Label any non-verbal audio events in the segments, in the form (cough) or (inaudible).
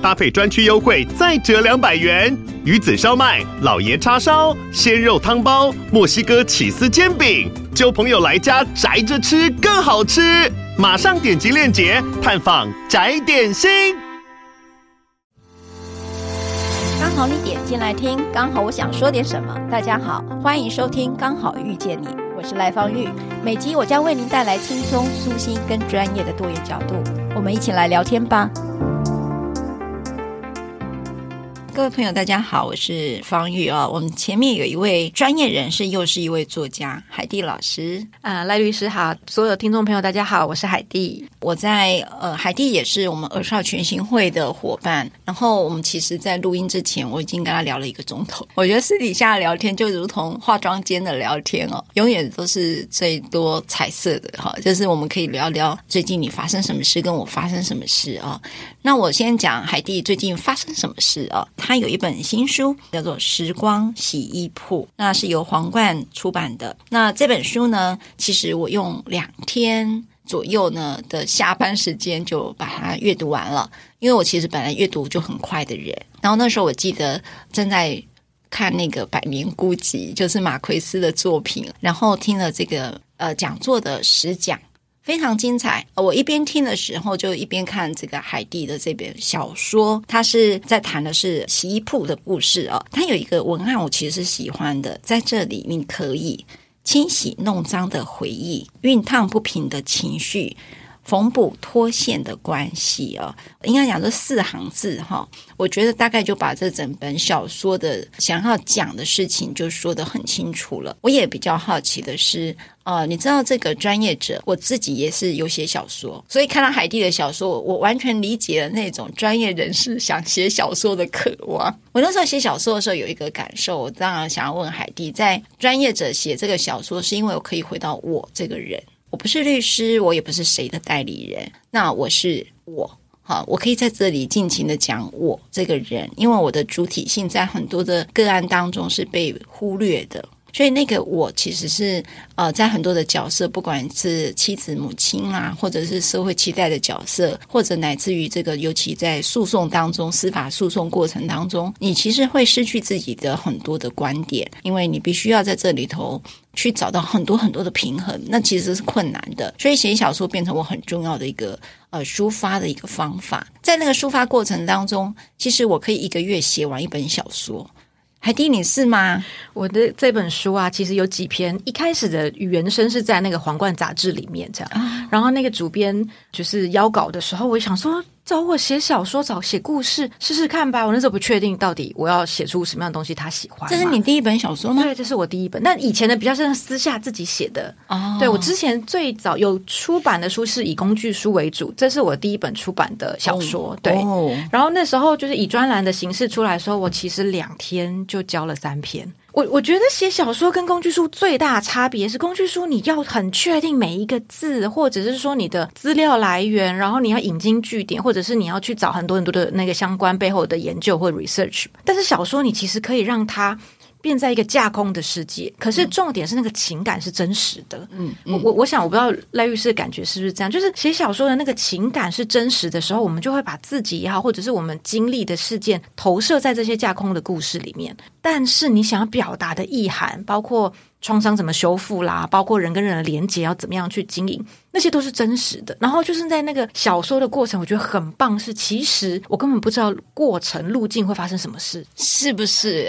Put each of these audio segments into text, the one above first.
搭配專區優惠，再折兩百元。魚子燒麥、老爺叉燒、鮮肉湯包、墨西哥起司煎餅，就朋友來家宅着吃更好吃。馬上點擊鏈接探訪宅點心。剛好你點進來聽，剛好我想說點什麼。大家好，歡迎收聽《剛好遇見你》，我是賴芳玉。每集我將為您帶來輕鬆、舒心跟專業的多元角度，我們一起來聊天吧。各位朋友，大家好，我是芳玉啊。我們前面有一位專業人士，又是一位作家，海蒂老師啊，呃，賴律師好，所有聽眾朋友，大家好，我是海蒂。我在呃，海蒂也是我們兒少權心會的夥伴。然後我們其實，在錄音之前，我已經跟他聊了一個鐘頭。我覺得私底下聊天就如同化妝間的聊天哦，永遠都是最多彩色的哈。就是我們可以聊聊最近你發生什麼事，跟我發生什麼事哦。那我先講海蒂最近發生什麼事哦、啊，她有一本新書叫做《時光洗衣鋪》，那是由皇冠出版的。那這本書呢，其實我用兩天左右呢的下班時間就把它閱讀完了，因為我其實本來閱讀就很快的人。然後那時候我記得正在看那個《百年孤寂》，就是馬奎斯的作品，然後聽了這個呃講座的十講。非常精彩！我一邊聽的時候，就一邊看這個海蒂的這本小說。他是在談的是洗衣鋪的故事啊、哦。他有一個文案，我其實是喜歡的。在這裡，你可以清洗弄髒的回憶，熨燙不平的情緒。縫補脫線的關係哦，應該講這四行字哈、哦，我覺得大概就把這整本小說的想要講的事情就說得很清楚了。我也比較好奇的是，呃，你知道這個專業者，我自己也是有寫小說，所以看到海蒂的小說，我完全理解了那種專業人士想寫小說的渴望。我那時候寫小說的時候有一個感受，我當然想要問海蒂，在專業者寫這個小說，是因為我可以回到我這個人。我不是律師，我也不是誰的代理人。那我是我，好，我可以在這裡盡情的講我這個人，因為我的主體性在很多的個案當中是被忽略的。所以，那個我其實是呃，在很多的角色，不管是妻子、母親啊，或者是社會期待的角色，或者乃至於這個，尤其在訴訟當中、司法訴訟過程當中，你其實會失去自己的很多的觀點，因為你必須要在這裡頭去找到很多很多的平衡，那其實是困難的。所以，寫小說變成我很重要的一個呃抒發的一個方法。在那個抒發過程當中，其實我可以一個月寫完一本小說。海蒂， (noise) 你是嗎？我的這本書啊，其實有幾篇，一開始的原聲是在那個《皇冠》雜誌裡面這樣，哦、然後那個主編就是邀稿的時候，我想說。找我寫小說，找寫故事試試看吧。我那時候不確定到底我要寫出什麼樣的東西，他喜歡。這是你第一本小說嗎？對，這是我第一本。那以前的比較是私下自己寫的。哦，對我之前最早有出版的書是以工具書為主。這是我第一本出版的小說。哦、對，然後那時候就是以專欄的形式出來的時候，說我其實兩天就交了三篇。我我覺得寫小說跟工具書最大差別是，工具書你要很確定每一個字，或者是說你的資料來源，然後你要引經據典，或者是你要去找很多很多的那個相關背後的研究或 research。但是小說你其實可以讓它。變在一個架空的世界，可是重點是那個情感是真實的。嗯，我我我想我不知道賴律師的感覺是不是這樣？就是寫小說的那個情感是真實的時候，我們就會把自己也好，或者是我們經歷的事件投射在這些架空的故事裡面。但是你想要表達的意涵，包括創傷怎麼修復啦，包括人跟人的連接要怎麼樣去經營，那些都是真實的。然後就是在那個小說的過程，我覺得很棒。是其實我根本不知道過程路徑會發生什麼事，是不是？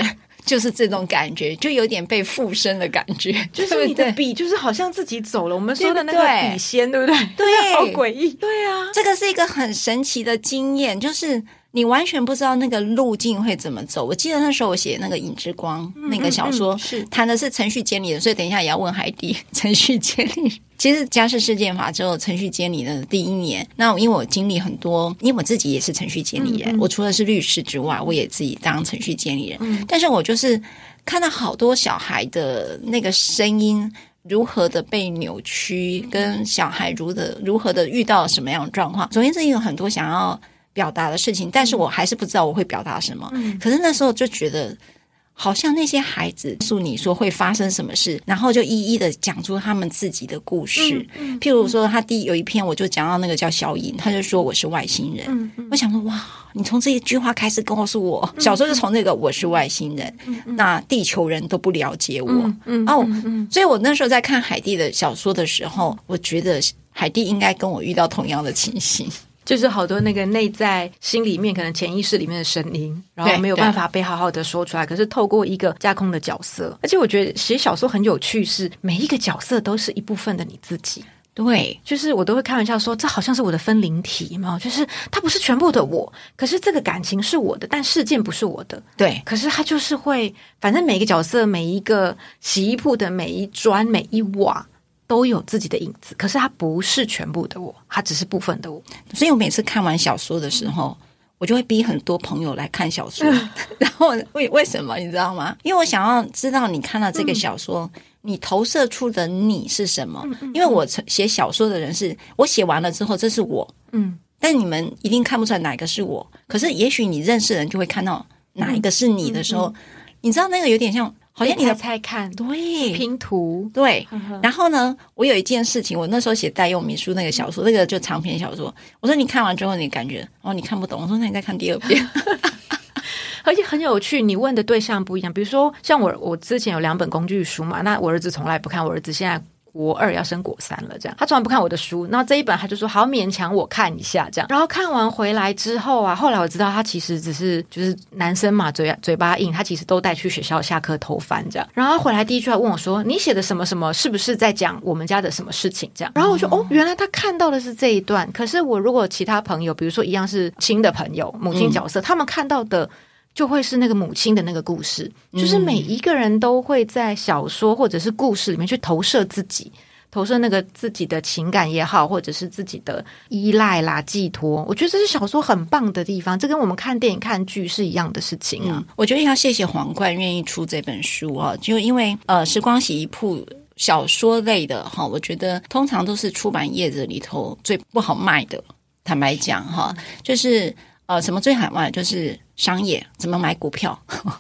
就是這種感覺，就有點被附身的感覺，就是你的筆就，對對就是好像自己走了。我們說的那個筆仙，對,對,對不對？對，好詭異，對啊。這個是一個很神奇的經驗，就是你完全不知道那個路徑會怎麼走。我記得那時候我寫那個《影之光》嗯、那個小說，嗯嗯、是談的是程序監理的，所以等一下也要問海蒂程序監理。其實家事事件法之後，程序監理的第一年，那因為我經歷很多，因為我自己也是程序監理人，嗯嗯，我除了是律師之外，我也自己當程序監理人。嗯、但是我就是看到好多小孩的那個聲音如何的被扭曲，嗯嗯，跟小孩如何的如何的遇到什麼樣的狀況，首先自己有很多想要表達的事情，但是我還是不知道我會表達什麼。嗯、可是那時候就覺得。好像那些孩子訴你說會發生什麼事，然後就一一的講出他們自己的故事。嗯嗯、譬如說，他第一有一篇，我就講到那個叫小影，他就說我是外星人。嗯嗯、我想說，哇，你從這一句話開始告訴我，嗯、小說就從那個我是外星人，嗯嗯、那地球人都不了解我。哦、嗯，嗯 oh, 所以我那時候在看海蒂的小說的時候，我覺得海蒂應該跟我遇到同樣的情形。就是好多那個內在心裡面，可能潛意識裡面的聲音，然後沒有辦法被好好的說出來。可是透過一個架空的角色，而且我覺得寫小說很有趣是，是每一個角色都是一部分的你自己。對，就是我都會開玩笑說，這好像是我的分靈體嘛，就是它不是全部的我，可是這個感情是我的，但事件不是我的。對，可是它就是會，反正每一個角色，每一個洗衣鋪的每一磚，每一瓦。都有自己的影子，可是它不是全部的我，它只是部分的我。所以我每次看完小說的時候，嗯、我就會逼很多朋友來看小說。嗯、然後為為什麼你知道嗎？因為我想要知道你看到這個小說，嗯、你投射出的你是什麼？嗯嗯嗯、因為我寫小說的人是我寫完了之後，這是我。嗯，但你們一定看不出來哪個是我。可是也許你認識的人就會看到哪一個是你的時候，嗯嗯、你知道那個有點像。好像你在猜看，對拼圖，欸、對。對嗯、哼然後呢，我有一件事情，我那時候寫代用民書那個小說，那個就長篇小說。我說你看完之後你感覺，哦，你看不懂。我說那你再看第二遍， (laughs) (laughs) 而且很有趣。你問的對象不一樣，比如說像我，我之前有兩本工具書嘛，那我兒子從來不看，我兒子現在。國二要升國三了，這樣他從來不看我的書。那這一本他就說好勉強我看一下這樣。然後看完回來之後啊，後來我知道他其實只是就是男生嘛，嘴嘴巴硬，他其實都帶去學校下課偷翻這樣。然後他回來第一句話問我說：“你寫的什麼什麼是不是在講我們家的什麼事情？”這樣。然後我說：“哦，原來他看到的是這一段。可是我如果其他朋友，比如說一樣是親的朋友，母親角色，他們看到的。”就會是那個母親的那個故事，嗯、就是每一個人都會在小說或者是故事裡面去投射自己，投射那個自己的情感也好，或者是自己的依賴啦、寄托。我覺得這是小說很棒的地方，這跟我們看電影、看劇是一樣的事情啊。我覺得要謝謝皇冠願意出這本書哈，就因為呃，時光洗衣鋪小說類的哈，我覺得通常都是出版業者裡頭最不好賣的。坦白講哈，就是呃，什麼最海外就是。商業，怎麼買股票？呵呵，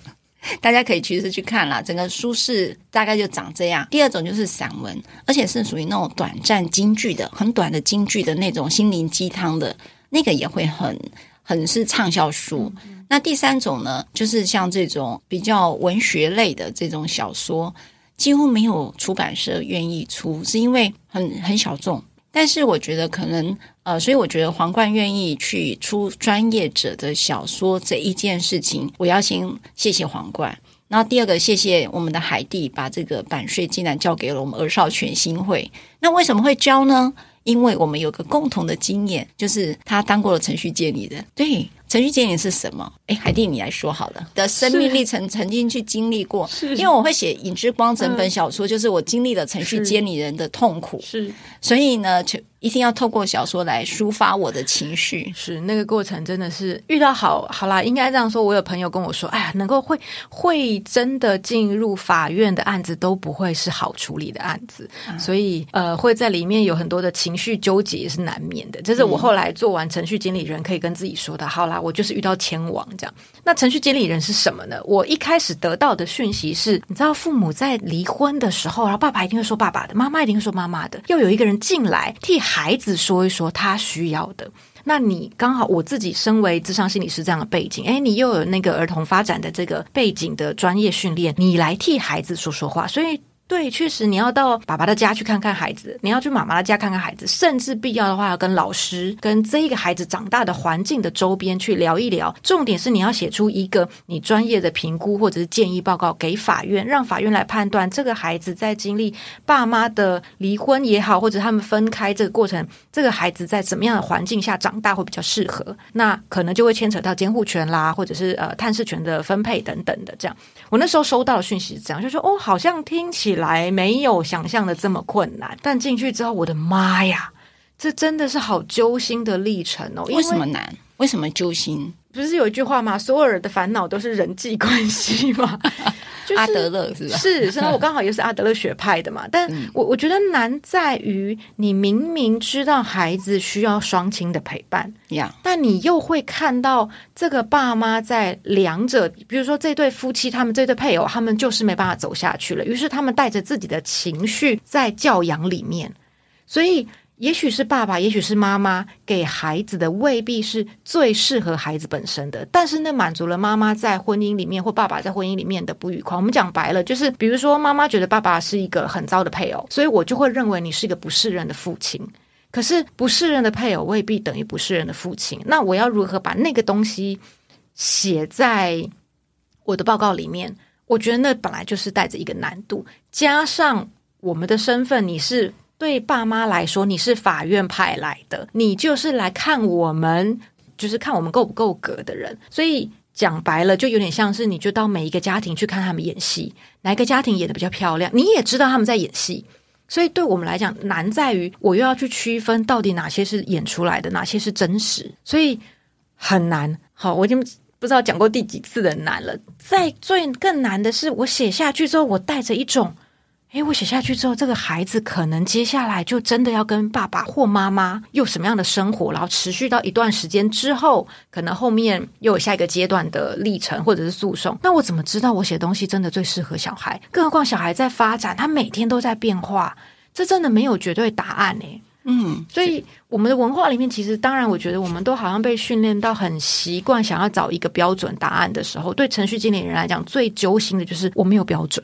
大家可以其實去看啦，整個書市大概就長這樣。第二種就是散文，而且是屬於那種短暫京劇的、很短的京劇的那種心靈雞湯的那個，也會很很是暢銷書。嗯嗯，那第三種呢，就是像這種比較文學類的這種小說，幾乎沒有出版社願意出，是因為很很小眾。但是我覺得可能呃，所以我覺得皇冠願意去出專業者的小說這一件事情，我要先謝謝皇冠。然後第二個，謝謝我們的海蒂把這個版稅竟然交給了我們兒少權心會。那為什麼會交呢？因為我們有個共同的經驗，就是他當過了程序監理的，對。程序監理是什麼？哎，海蒂，你來說好了，的生命歷程曾經去經歷過，是因為我會寫《影之光》整本小說，就是我經歷了程序監理人的痛苦。是，是，所以呢，就一定要透過小說來抒發我的情緒。是，那個過程真的是遇到好，好啦，應該這樣說。我有朋友跟我說，哎呀，能夠會會真的進入法院的案子都不會是好處理的案子，嗯、所以呃，會在裡面有很多的情緒糾結也是難免的。這、就是我後來做完程序經理人可以跟自己說的。嗯、好啦。我就是遇到千王這樣。那程序監理人是什麼呢？我一開始得到的訊息是，你知道父母在離婚的時候，然後爸爸一定會說爸爸的，媽媽一定會說媽媽的，又有一個人進來替孩子說一說他需要的。那你剛好我自己身為諮商心理師這樣的背景，誒、哎，你又有那個兒童發展的這個背景的專業訓練，你來替孩子說說話，所以。對，確實你要到爸爸的家去看看孩子，你要去媽媽的家看看孩子，甚至必要的話要跟老師、跟這一個孩子長大的環境的周邊去聊一聊。重點是你要寫出一個你專業的評估或者是建議報告給法院，讓法院來判斷這個孩子在經歷爸媽的離婚也好，或者他們分開這個過程，這個孩子在什麼樣的環境下長大會比較適合。那可能就會牽扯到監護權啦，或者是呃探視權的分配等等的。這樣，我那時候收到的訊息是這樣，就說哦，好像聽起來。來沒有想象的這麼困難，但進去之後，我的媽呀，這真的是好揪心的歷程哦！為，為什麼難？為什麼揪心？不是有一句話嗎？所有人的煩惱都是人際關係嘛。就是、 (laughs) 阿德勒是吧？是，那我剛好也是阿德勒學派的嘛。 (laughs) 但我我覺得難在於，你明明知道孩子需要雙親的陪伴 Yeah. 但你又會看到這個爸媽在兩者，比如說這對夫妻，他們這對配偶，他們就是沒辦法走下去了。於是他們帶着自己的情緒在教養裡面，所以。也許是爸爸，也許是媽媽給孩子的，未必是最適合孩子本身的，但是那滿足了媽媽在婚姻裡面或爸爸在婚姻裡面的不愉快。我們講白了，就是比如說媽媽覺得爸爸是一個很糟的配偶，所以我就會認為你是一個不適任的父親。可是不適任的配偶未必等於不適任的父親。那我要如何把那個東西寫在我的報告裡面？我覺得那本來就是帶着一個難度，加上我們的身份，你是。對爸媽來說，你是法院派來的，你就是來看我們，就是看我們夠不夠格的人。所以講白了，就有點像是你就到每一個家庭去看他們演戲，哪個家庭演得比較漂亮，你也知道他們在演戲。所以對我們來講，難在於我又要去區分到底哪些是演出來的，哪些是真實，所以很難。好，我已經不知道講過第幾次的難了。再最更難的是，我寫下去之後，我帶着一種。誒，我寫下去之後，這個孩子可能接下來就真的要跟爸爸或媽媽有什麼樣的生活，然後持續到一段時間之後，可能後面又有下一個階段的歷程，或者是訴訟。那我怎麼知道我寫的東西真的最適合小孩？更何況小孩在發展，他每天都在變化，這真的沒有絕對答案呢，欸。嗯，所以我們的文化裡面，其實當然，我覺得我們都好像被訓練到很習慣想要找一個標準答案的時候，對程序監理人來講，最揪心的就是我沒有標準。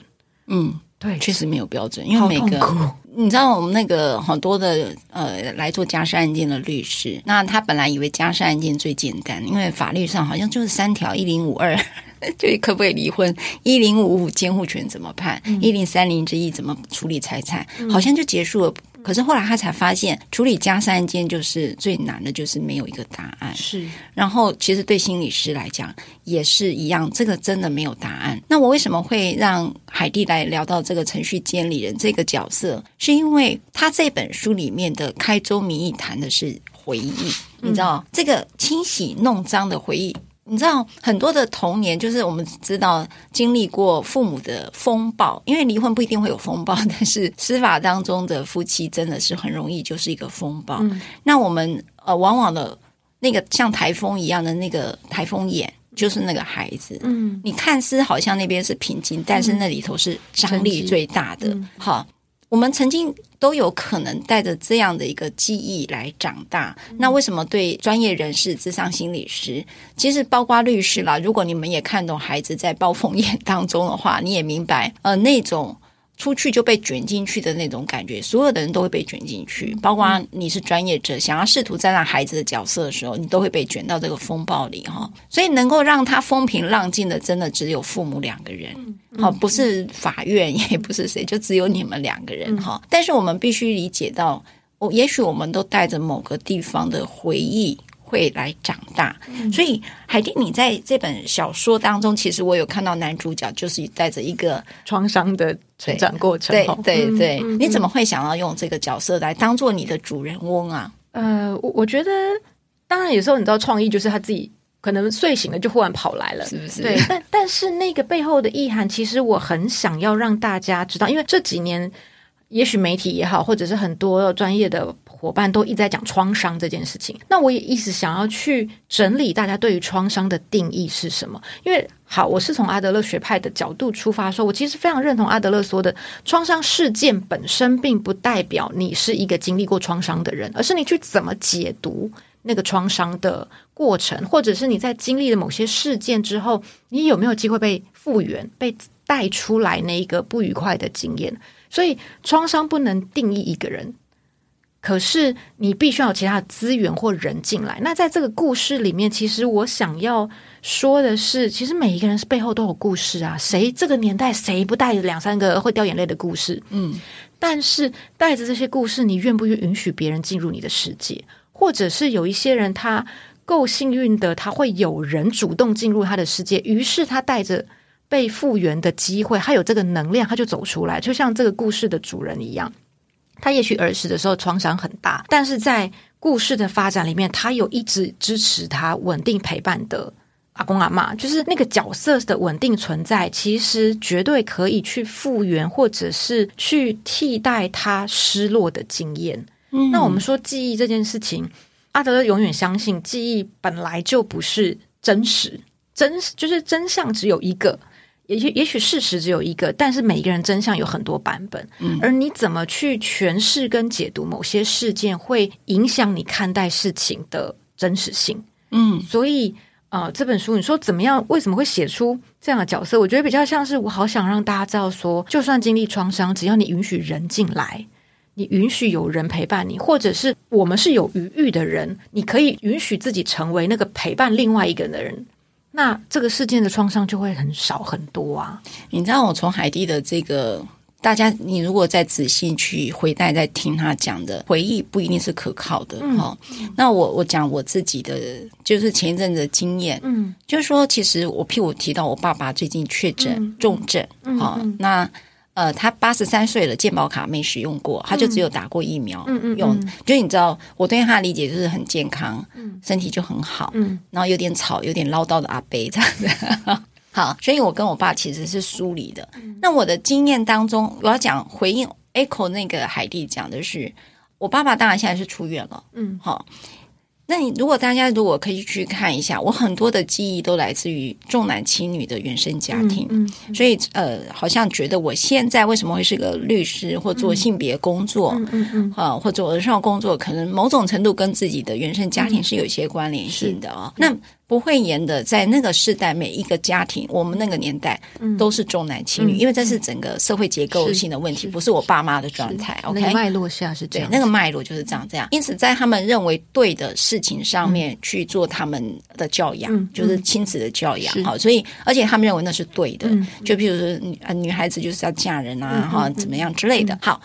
嗯。確實沒有標準，對因為每個你,你知道，我們那個很多的呃來做家事案件的律師，那他本來以為家事案件最簡單，因為法律上好像就是三條一零五二，52, (laughs) 就可不可以離婚，一零五五監護權怎麼判，一零三零之一怎麼處理財產，好像就結束了。嗯可是後來他才發現，處理家事案件就是最難的，就是沒有一個答案。是，然後其實對心理師來講也是一樣，這個真的沒有答案。那我為什麼會讓海蒂來聊到這個程序監理人這個角色？是因為他這本書裡面的開宗明義談的是回憶，嗯、你知道這個清洗弄髒的回憶。你知道很多的童年，就是我們知道經歷過父母的風暴，因為離婚不一定會有風暴，但是司法當中的夫妻真的是很容易就是一個風暴。嗯、那我們呃，往往的那個像颱風一樣的那個颱風眼，就是那個孩子。嗯，你看似好像那邊是平靜，但是那裡頭是張力最大的。嗯嗯、好。我們曾經都有可能帶着這樣的一個記憶來長大，那為什麼對專業人士、諮商心理師，其實包括律師啦，如果你們也看懂孩子在暴風眼當中的話，你也明白，呃，那種。出去就被捲進去的那種感覺，所有的人都會被捲進去，包括你是專業者，想要試圖站在孩子的角色的時候，你都會被捲到這個風暴裡哈。所以能夠讓他風平浪靜的，真的只有父母兩個人，好，不是法院，也不是誰，就只有你們兩個人哈。但是我們必須理解到，我，哦，也許我們都帶着某個地方的回憶。會來長大，所以海蒂，你在這本小說當中，其實我有看到男主角就是帶着一個創傷的成長過程對，對對對。對嗯，你怎麼會想要用這個角色來當做你的主人翁啊？呃我，我覺得當然有時候你知道，創意就是他自己可能睡醒了就忽然跑來了，是不是？對， (laughs) 但但是那個背後的意涵，其實我很想要讓大家知道，因為這幾年也許媒體也好，或者是很多專業的。夥伴都一直在講創傷這件事情，那我也一直想要去整理大家對於創傷的定義是什麼。因為好，我是從阿德勒學派的角度出發說，我其實非常認同阿德勒說的，創傷事件本身並不代表你是一個經歷過創傷的人，而是你去怎麼解讀那個創傷的過程，或者是你在經歷了某些事件之後，你有沒有機會被復原、被帶出來那一個不愉快的經驗。所以，創傷不能定義一個人。可是你必須要有其他的資源或人進來。那在這個故事裡面，其實我想要說的是，其實每一個人是背後都有故事啊。誰這個年代誰不帶着兩三個會掉眼淚的故事？嗯。但是帶着這些故事，你願不願允許別人進入你的世界？或者是有一些人，他夠幸運的，他會有人主動進入他的世界，於是他帶着被復原的機會，他有這個能量，他就走出來，就像這個故事的主人一樣。他也許兒時的時候創傷很大，但是在故事的發展裡面，他有一直支持他、穩定陪伴的阿公阿嬤，就是那個角色的穩定存在，其實絕對可以去復原，或者是去替代他失落的經驗。嗯、那我們說記憶這件事情，阿德永遠相信記憶本來就不是真實，真實就是真相只有一個。也也許事實只有一個，但是每一個人真相，有很多版本。嗯，而你怎麼去詮釋跟解讀某些事件，會影響你看待事情的真實性。嗯，所以啊，呃，這本書你說怎麼樣？為什麼會寫出這樣的角色？我覺得比較像是我好想讓大家知道說，說就算經歷創傷，只要你允許人進來，你允許有人陪伴你，或者是我們是有餘裕的人，你可以允許自己成為那個陪伴另外一個人的人。那這個事件的創傷就會很少很多啊！你知道，我從海蒂的這個，大家，你如果再仔細去回帶再聽他講的回憶，不一定是可靠的哈、嗯哦。那我我講我自己的，就是前一陣子的經驗，嗯，就是說，其實我譬如我提到我爸爸最近確診、嗯、重症，嗯，那、哦。嗯嗯。呃，他八十三歲了，健保卡沒使用過，他就只有打過疫苗、嗯、用。嗯嗯、就你知道，我對他的理解就是很健康，嗯，身體就很好。嗯，然後有點吵，有點嘮叨的阿伯這樣子 (laughs) 好，所以我跟我爸其實是疏離的。嗯、那我的經驗當中，我要講回應 Echo 那個海蒂講的是，我爸爸當然現在是出院了。嗯，好、哦。那你如果大家如果可以去看一下，我很多的記憶都來自於重男輕女的原生家庭，嗯嗯嗯、所以呃，好像覺得我現在為什麼會是個律師或做性別工作，嗯，嗯嗯嗯呃、或做兒少工作，可能某種程度跟自己的原生家庭是有些關聯性的哦。是那。不會嚴的，在那個世代，每一個家庭，我們那個年代都是重男輕女，因為這是整個社會結構性的問題，不是我爸媽的狀態。OK，脈絡下是對，那個脈絡就是這樣。這樣，因此在他們認為對的事情上面去做他們的教養，就是親子的教養。好，所以而且他們認為那是對的。就比如說，女孩子就是要嫁人啊，哈，怎麼樣之類的。好，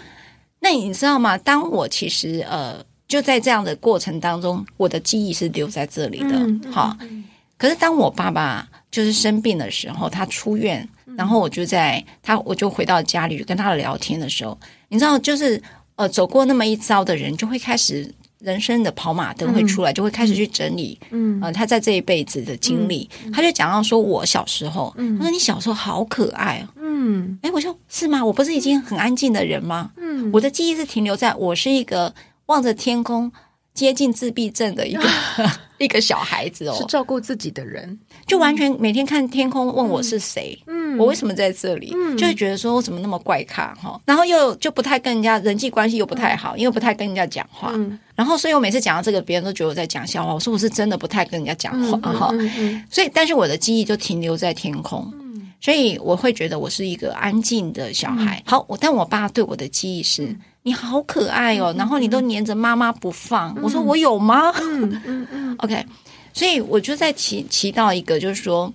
那你知道嗎？當我其實呃。就在這樣的過程當中，我的記憶是留在這裡的。好、嗯，嗯、可是當我爸爸就是生病的時候，他出院，然後我就在他，我就回到家裡跟他聊天的時候，你知道，就是呃走過那麼一遭的人，就會開始人生的跑馬燈會出來，嗯、就會開始去整理。嗯、呃、他在這一輩子的經歷，嗯嗯、他就講到說我小時候，嗯、他說你小時候好可愛、哦、嗯，哎，我說是嗎？我不是已經很安靜的人嗎？嗯，我的記憶是停留在我是一個。望着天空，接近自閉症的一個 (laughs) (laughs) 一個小孩子哦，是照顧自己的人，就完全每天看天空，問我是誰，嗯，我為什麼在這裡，嗯，就會覺得說我怎麼那麼怪咖哈，然後又就不太跟人家人際關係又不太好，嗯、因為不太跟人家講話，嗯，然後所以我每次講到這個，別人都覺得我在講笑話，我說我是真的不太跟人家講話哈，嗯嗯嗯嗯、所以但是我的記憶就停留在天空，嗯，所以我會覺得我是一個安靜的小孩，嗯、好，我但我爸對我的記憶是。你好可愛哦，然後你都粘着媽媽不放。嗯、我說我有嗎？嗯、 (laughs) ？o、okay, k 所以我就在提提到一個，就是說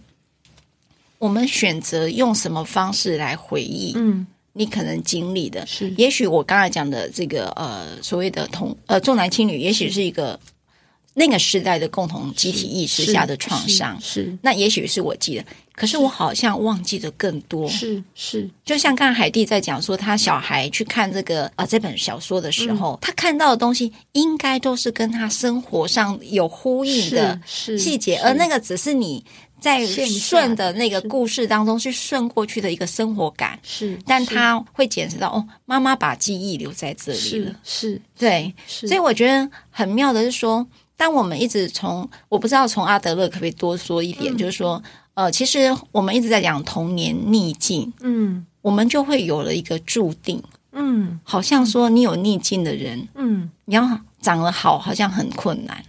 我們選擇用什麼方式來回憶，嗯，你可能經歷的，是、嗯、也許我剛才講的這個呃所謂的同呃重男輕女，也許是一個。那個時代的共同集體意識下的創傷，是,是,是那也許是我記得，可是我好像忘記了更多。是是，是就像剛剛海蒂在講說，他小孩去看這個啊這本小說的時候，嗯、他看到的東西應該都是跟他生活上有呼應的細節，是是是是而那個只是你在順的那個故事當中去順過去的一個生活感。是，是但他會感受到哦，媽媽把記憶留在這裡了。是,是對，是所以我覺得很妙的是說。但我們一直從，我不知道從阿德勒可不可以多說一點，嗯、就是說，呃，其實我們一直在講童年逆境，嗯，我們就會有了一個注定，嗯，好像說你有逆境的人，嗯，你要長得好，好像很困難。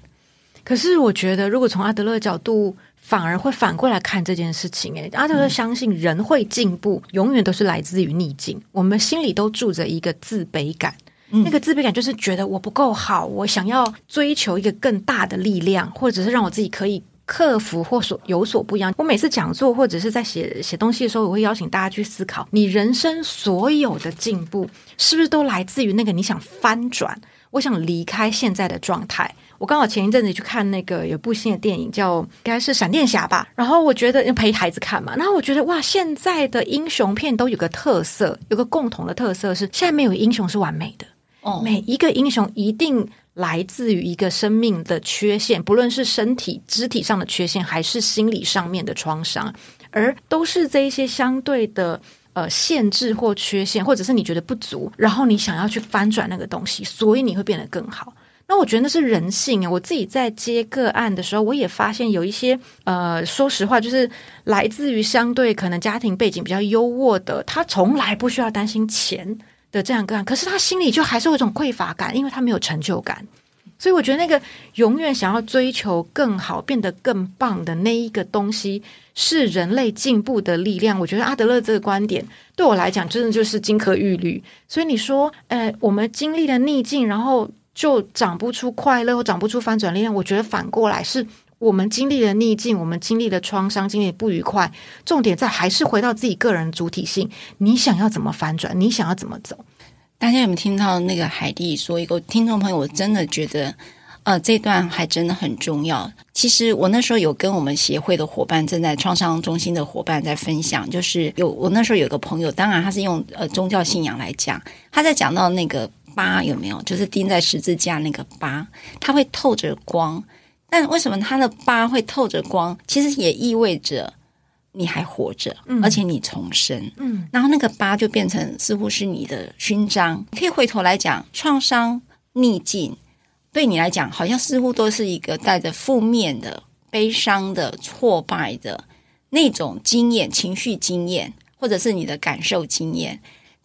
可是我覺得，如果從阿德勒的角度，反而會反過來看這件事情、欸。阿德勒相信人會進步，嗯、永遠都是來自於逆境。我們心裡都住着一個自卑感。那個自卑感，就是覺得我不夠好，嗯、我想要追求一個更大的力量，或者是讓我自己可以克服或所有所不一樣。我每次講座或者是在寫寫東西的時候，我會邀請大家去思考：你人生所有的進步是不是都來自於那個你想翻轉？我想離開現在的狀態。我剛好前一陣子去看那個有部新的電影叫，叫應該是《閃電俠》吧。然後我覺得陪孩子看嘛，然後我覺得哇，現在的英雄片都有個特色，有個共同的特色是：現在沒有英雄是完美的。每一個英雄一定來自於一個生命的缺陷，不論是身體、肢體上的缺陷，還是心理上面的創傷，而都是這一些相對的呃限制或缺陷，或者是你覺得不足，然後你想要去翻轉那個東西，所以你會變得更好。那我覺得那是人性。我自己在接個案的時候，我也發現有一些呃，說實話，就是來自於相對可能家庭背景比較優渥的，他從來不需要擔心錢。的這樣各樣，可是他心裡就還是有一種匱乏感，因為他沒有成就感，所以我覺得那個永遠想要追求更好、變得更棒的那一個東西，是人類進步的力量。我覺得阿德勒這個觀點對我來講，真的就是金科玉律。所以你說，呃，我們經歷了逆境，然後就長不出快樂，或長不出翻轉力量，我覺得反過來是。我們經歷了逆境，我們經歷了創傷，經歷了不愉快，重點在還是回到自己個人主體性。你想要怎麼反轉？你想要怎麼走？大家有沒有聽到那個海蒂說一個聽眾朋友？我真的覺得，呃，這段還真的很重要。其實我那時候有跟我們協會的伙伴，正在創傷中心的伙伴在分享，就是有我那時候有一個朋友，當然他是用呃宗教信仰來講，他在講到那個疤有沒有，就是釘在十字架那個疤，它會透着光。但為什麼他的疤會透着光？其實也意味着你還活着，嗯、而且你重生。嗯，然後那個疤就變成似乎是你的勳章。可以回頭來講，創傷、逆境對你來講，好像似乎都是一個帶着負面的、悲傷的、挫敗的那種經驗、情緒經驗，或者是你的感受經驗。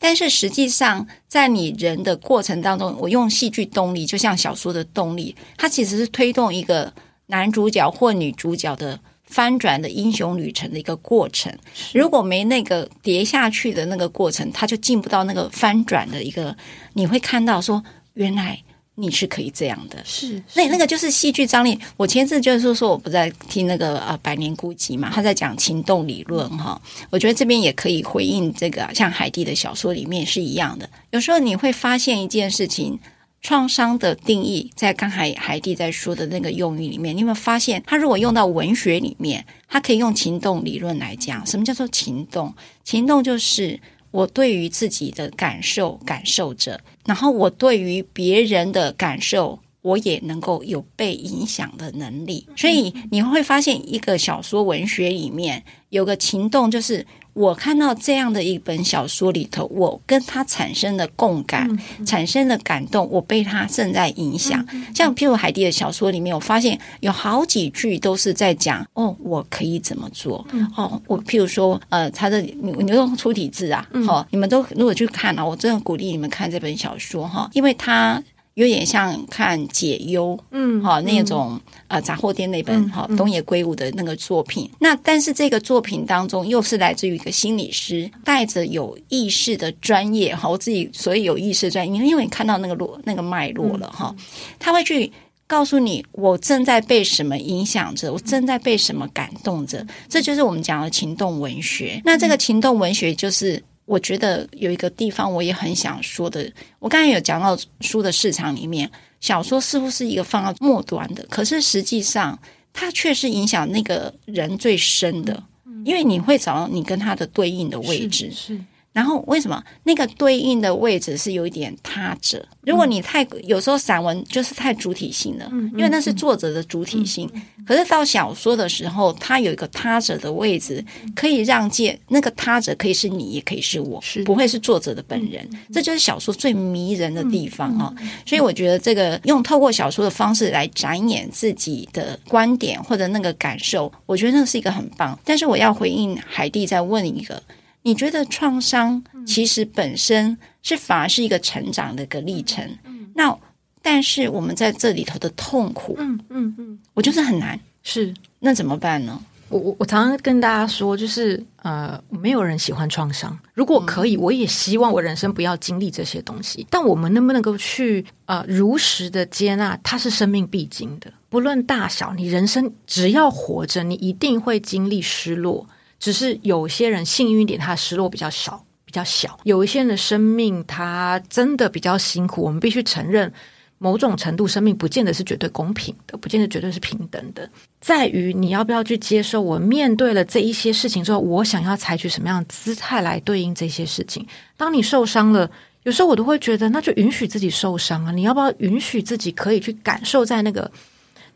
但是實際上，在你人的過程當中，我用戲劇動力，就像小說的動力，它其實是推動一個男主角或女主角的翻轉的英雄旅程的一個過程。如果沒那個跌下去的那個過程，他就進不到那個翻轉的一個。你會看到說，原來。你是可以這樣的，是，是那那個就是戲劇張力。我前次就是說，我不在聽那個呃《百年孤寂》嘛，他在講情動理論哈。嗯。我覺得這邊也可以回應這個，像海蒂的小說裡面是一樣的。有時候你會發現一件事情，創傷的定義，在剛才海蒂在說的那個用語裡面，你有沒有發現，他如果用到文學裡面，他可以用情動理論來講。什麼叫做情動？情動就是我對於自己的感受，感受着。然後我對於別人的感受，我也能夠有被影響的能力，所以你會發現，一個小說文學裡面有個情動，就是。我看到這樣的一本小說裡頭，我跟他產生的共感，產生的感動，我被他正在影響。像譬如海蒂的小說裡面，我發現有好幾句都是在講哦，我可以怎麼做？哦，我譬如說，呃，他的你用粗體字啊，好，哦，你們都如果去看啊，我真的鼓勵你們看這本小說哈，因為他。有點像看解憂，嗯，嗯，哈，那種呃雜貨店那本哈，嗯嗯嗯，東野圭吾的那個作品。那但是這個作品當中又是來自於一個心理師，帶着有意識的專業哈，我自己所謂有意識的專業，因為你看到那個落那個脈絡了哈，嗯，他會去告訴你我正在被什麼影響着，我正在被什麼感動着，嗯，這就是我們講的情動文學。那這個情動文學就是。我覺得有一個地方我也很想說的，我剛才有講到書的市場裡面，小說似乎是一個放到末端的，可是實際上它卻是影響那個人最深的，因為你會找到你跟他的對應的位置。是。然後為什麼那個對應的位置是有一點他者？如果你太、嗯、有時候散文就是太主體性了，嗯、因為那是作者的主體性。嗯嗯、可是到小說的時候，它有一個他者的位置，嗯、可以讓借那個他者可以是你，也可以是我，是的不會是作者的本人。嗯嗯、這就是小說最迷人的地方啊、哦！嗯嗯、所以我覺得這個用透過小說的方式來展演自己的觀點或者那個感受，我覺得那是一個很棒。但是我要回應海蒂再問一個。你覺得創傷其實本身是反而是一個成長的一個歷程。嗯、那但是我們在這裡頭的痛苦，嗯嗯嗯，嗯嗯我就是很難。是那怎麼辦呢？我我我常常跟大家說，就是呃，沒有人喜歡創傷。如果可以，我也希望我人生不要經歷這些東西。嗯、但我們能不能夠去呃如實的接納，它是生命必經的，不論大小。你人生只要活着，你一定會經歷失落。只是有些人幸運一點，他的失落比較少，比較小；有一些人的生命，他真的比較辛苦。我們必須承認，某種程度，生命不見得是絕對公平的，不見得絕對是平等的。在於你要不要去接受，我面對了這一些事情之後，我想要採取什麼樣的姿態來對應這些事情。當你受傷了，有時候我都會覺得，那就允許自己受傷啊！你要不要允許自己可以去感受在那個？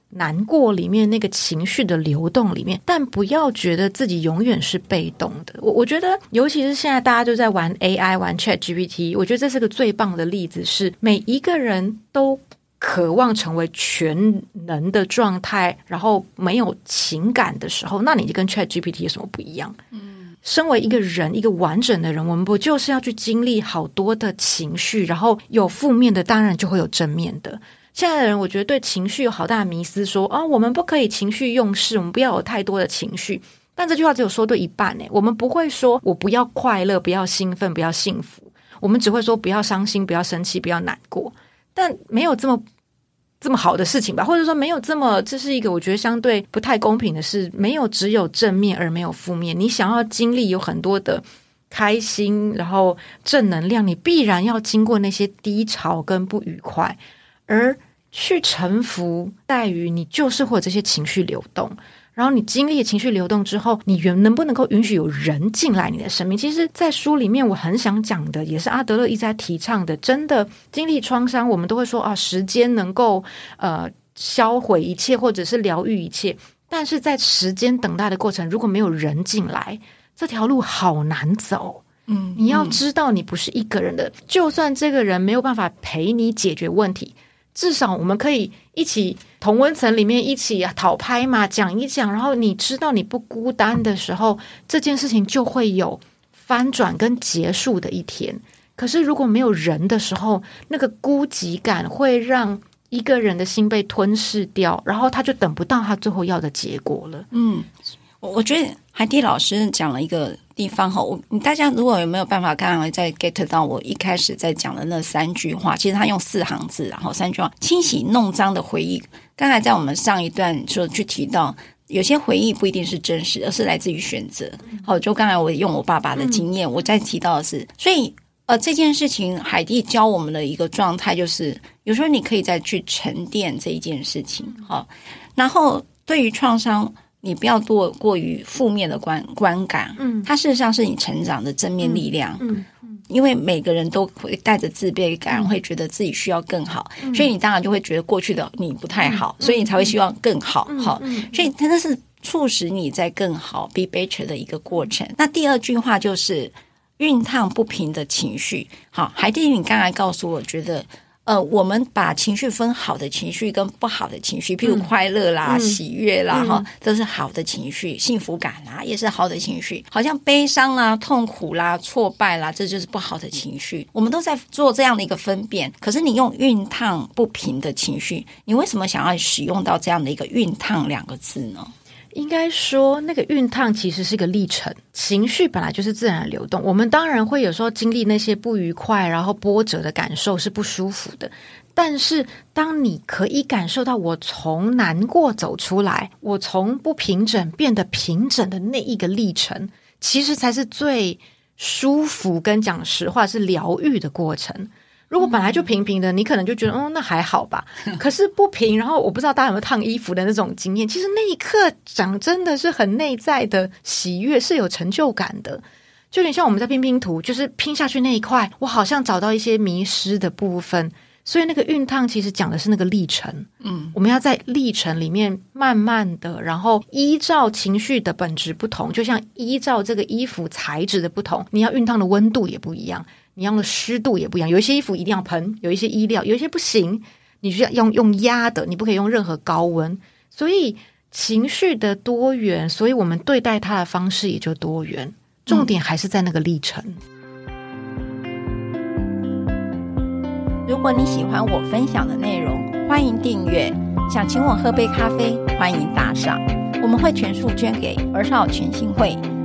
難過裡面那個情緒的流動裡面，但不要覺得自己永遠是被動的。我我覺得，尤其是現在大家都在玩 AI 玩 ChatGPT，我覺得這是個最棒的例子是，是每一個人都渴望成為全能的狀態，然後沒有情感的時候，那你就跟 ChatGPT 有什麼不一樣？嗯。身為一個人，一個完整的人，我們不就是要去經歷好多的情緒，然後有負面的，當然就會有正面的。現在的人，我覺得對情緒有好大的迷思說，說、哦、啊，我們不可以情緒用事，我們不要有太多的情緒。但這句話只有說對一半呢。我們不會說“我不要快樂，不要興奮，不要幸福”，我們只會說“不要傷心，不要生氣，不要難過”。但沒有這麼這麼好的事情吧？或者說，沒有這麼這是一個我覺得相對不太公平的事。沒有只有正面而沒有負面。你想要經歷有很多的開心，然後正能量，你必然要經過那些低潮跟不愉快。而去臣服，在於你就是會有這些情緒流動，然後你經歷情緒流動之後，你允能不能夠允許有人進來你的生命？其實，在書裡面，我很想講的也是阿德勒一直在提倡的。真的經歷創傷，我們都會說啊，時間能夠呃銷毀一切，或者是療癒一切。但是在時間等待的過程，如果沒有人進來，這條路好難走。嗯，你要知道，你不是一個人的。嗯。就算這個人沒有辦法陪你解決問題。至少我們可以一起同溫層裡面一起討拍嘛，講一講，然後你知道你不孤單的時候，這件事情就會有翻轉跟結束的一天。可是如果沒有人的時候，那個孤寂感會讓一個人的心被吞噬掉，然後他就等不到他最後要的結果了。嗯，我我覺得海蒂老師講了一個。地方好，大家如果有沒有辦法，剛才在 get 到我一開始在講的那三句話？其實他用四行字，然後三句話：清洗弄髒的回憶。剛才在我們上一段說去提到，有些回憶不一定是真實，而是來自於選擇。好、嗯，就剛才我用我爸爸的經驗，嗯、我在提到的是，所以呃，這件事情海蒂教我們的一個狀態就是，有時候你可以再去沉澱這一件事情。好、嗯，然後對於創傷。你不要做過於負面的觀觀感，嗯，它事實上是你成長的正面力量，嗯，嗯，因為每個人都會帶着自卑感，嗯、會覺得自己需要更好，嗯、所以你當然就會覺得過去的你不太好，嗯、所以你才會希望更好，所以真的是促使你在更好 be better 的一個過程。嗯、嗯、那第二句話就是熨燙不平的情緒，好、哦，海蒂，你剛才告訴我覺得。呃，我們把情緒分好的情緒跟不好的情緒，譬如快樂啦、嗯、喜悅啦，哈、嗯，都是好的情緒；幸福感啊，也是好的情緒。好像悲傷啦、啊、痛苦啦、啊、挫敗啦、啊，這就是不好的情緒。嗯、我們都在做這樣的一個分辨。可是你用熨燙不平的情緒，你為什麼想要使用到這樣的一個熨燙兩個字呢？應該說，那個熨燙其實是一個歷程。情緒本來就是自然的流動，我們當然會有時候經歷那些不愉快，然後波折的感受是不舒服的。但是，當你可以感受到我從難過走出來，我從不平整變得平整的那一個歷程，其實才是最舒服，跟講實話是療癒的過程。如果本來就平平的，嗯、你可能就覺得，哦、嗯，那還好吧。可是不平，然後我不知道大家有沒有燙衣服的那種經驗。其實那一刻講真的是很內在的喜悅，是有成就感的。就有點像我們在拼拼圖，就是拼下去那一塊，我好像找到一些迷失的部分。所以那個熨燙其實講的是那個歷程。嗯，我們要在歷程裡面慢慢的，然後依照情緒的本質不同，就像依照這個衣服材質的不同，你要熨燙的溫度也不一樣。你用的濕度也不一樣，有一些衣服一定要噴，有一些衣料，有一些不行，你需要用，用壓的，你不可以用任何高溫。所以情緒的多元，所以我們對待它的方式也就多元。重點還是在那個歷程。嗯、如果你喜歡我分享的內容，歡迎訂閱。想請我喝杯咖啡，歡迎打賞，我們會全數捐給兒少權心會。